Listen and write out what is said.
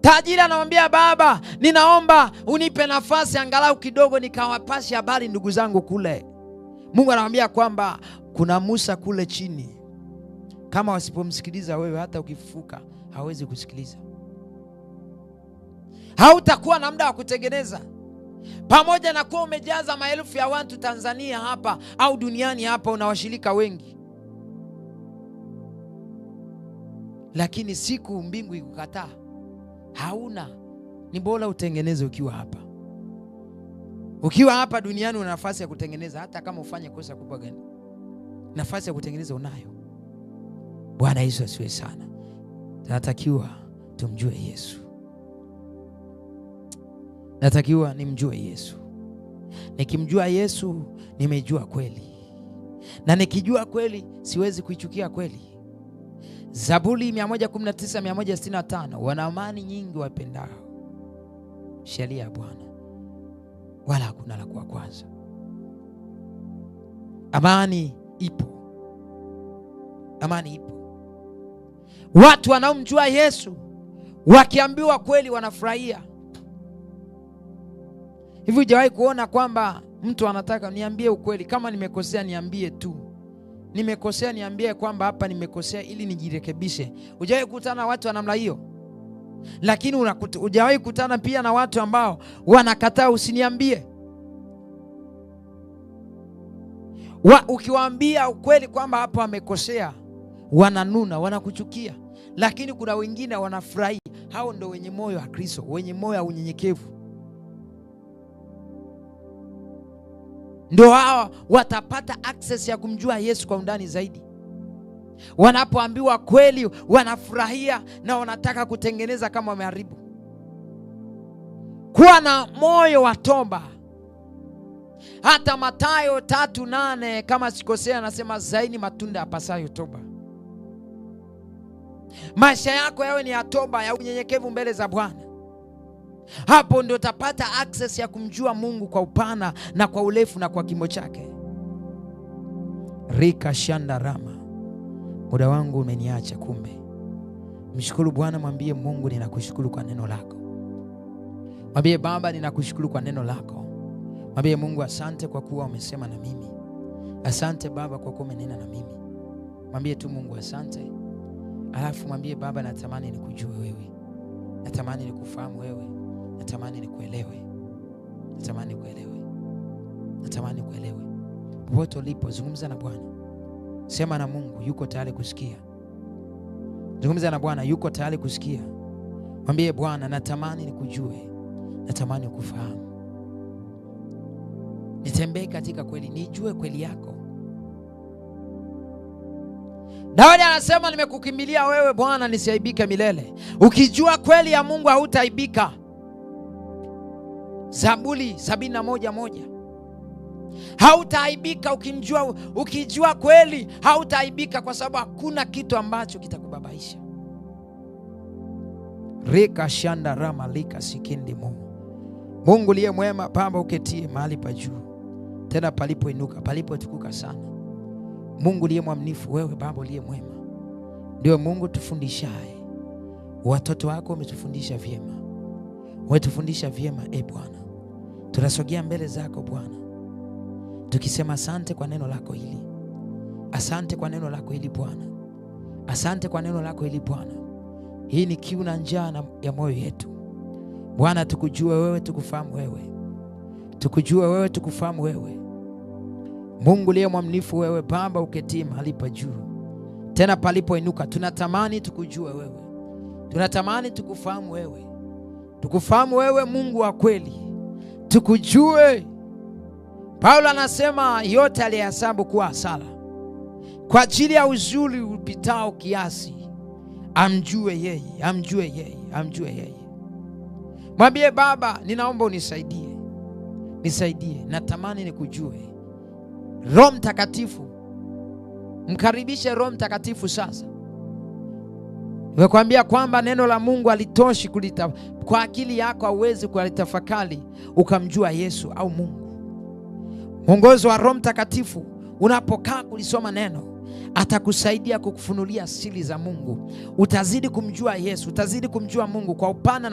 Tajiri anamwambia baba, ninaomba unipe nafasi angalau kidogo nikawapashe habari ndugu zangu kule. Mungu anamwambia kwamba kuna Musa kule chini, kama wasipomsikiliza wewe, hata ukifufuka hawezi kusikiliza. Hautakuwa na muda wa kutengeneza, pamoja na kuwa umejaza maelfu ya watu Tanzania hapa au duniani hapa, una washirika wengi lakini siku mbingu ikukataa hauna. Ni bora utengeneze ukiwa hapa. Ukiwa hapa duniani una nafasi ya kutengeneza, hata kama ufanye kosa kubwa gani, nafasi ya kutengeneza unayo. Bwana Yesu asiwe sana. natakiwa tumjue Yesu, natakiwa nimjue Yesu. Nikimjua Yesu nimejua kweli, na nikijua kweli siwezi kuichukia kweli. Zaburi 119 165, wana amani nyingi wapendao sheria ya Bwana, wala hakuna la kuwa kwanza. Amani ipo, amani ipo. Watu wanaomjua Yesu wakiambiwa kweli wanafurahia. Hivi hujawahi kuona kwamba mtu anataka niambie ukweli, kama nimekosea niambie tu nimekosea, niambie kwamba hapa nimekosea ili nijirekebishe. ujawai kukutana na watu wa namna hiyo? Lakini hujawahi kutana pia na watu ambao wanakataa usiniambie wa, ukiwaambia ukweli kwamba hapa amekosea, wananuna, wanakuchukia. Lakini kuna wengine wanafurahi. Hao ndo wenye moyo wa Kristo, wenye moyo wa unyenyekevu. Ndio hawa watapata access ya kumjua Yesu kwa undani zaidi. Wanapoambiwa kweli, wanafurahia na wanataka kutengeneza kama wameharibu. Kuwa na moyo wa toba. Hata Mathayo tatu nane kama sikosea, anasema zaini matunda yapasayo toba. Maisha yako yawe ni ya toba, ya unyenyekevu mbele za Bwana. Hapo ndio utapata access ya kumjua Mungu kwa upana na kwa urefu na kwa kimo chake. Rika shanda rama, muda wangu umeniacha kumbe. Mshukuru Bwana, mwambie Mungu ninakushukuru kwa neno lako. Mwambie Baba, ninakushukuru kwa neno lako. Mwambie Mungu asante kwa kuwa umesema na mimi. Asante Baba kwa kuwa umenena na mimi. Mwambie tu Mungu asante, alafu mwambie Baba, natamani nikujue wewe, natamani nikufahamu wewe natamani nikuelewe, natamani nikuelewe, natamani kuelewe. Popote ulipo, zungumza na Bwana, sema na Mungu, yuko tayari kusikia. Zungumza na Bwana, yuko tayari kusikia. Mwambie Bwana, natamani nikujue, natamani kufahamu nitembee katika kweli, nijue kweli yako. Daudi anasema nimekukimbilia wewe Bwana, nisiaibike milele. Ukijua kweli ya Mungu hautaaibika. Zaburi 71:1. Hautaaibika ukimjua, ukijua kweli hautaaibika, kwa sababu hakuna kitu ambacho kitakubabaisha. rika shanda rama lika sikindi Mungu Mungu liye mwema, pamba uketie mahali pa juu tena palipoinuka palipotukuka sana. Mungu liye mwaminifu, wewe Baba liye mwema, ndio Mungu tufundishaye. Watoto wako umetufundisha vyema Wetufundisha vyema e Bwana, tunasogea mbele zako Bwana, tukisema asante kwa neno lako hili, asante kwa neno lako hili Bwana, asante kwa neno lako hili Bwana. Hii ni kiu na njaa ya moyo yetu Bwana, tukujue wewe, tukufahamu wewe, tukujue wewe, tukufahamu wewe, Mungu liye mwaminifu wewe, Baba uketii mahali pa juu tena palipoinuka. Tunatamani tukujue wewe, tunatamani tukufahamu wewe tukufahamu wewe Mungu wa kweli, tukujue. Paulo anasema yote aliyehesabu kuwa hasara kwa ajili ya uzuri upitao kiasi, amjue yeye, amjue yeye, amjue yeye. Mwambie Baba, ninaomba unisaidie, nisaidie, natamani nikujue. Roho Mtakatifu, mkaribishe Roho Mtakatifu sasa Nimekuambia kwamba neno la Mungu halitoshi kulita, kwa akili yako hauwezi kulitafakari ukamjua Yesu au Mungu. Mwongozo wa Roho Mtakatifu unapokaa kulisoma neno atakusaidia kukufunulia siri za Mungu. Utazidi kumjua Yesu, utazidi kumjua Mungu kwa upana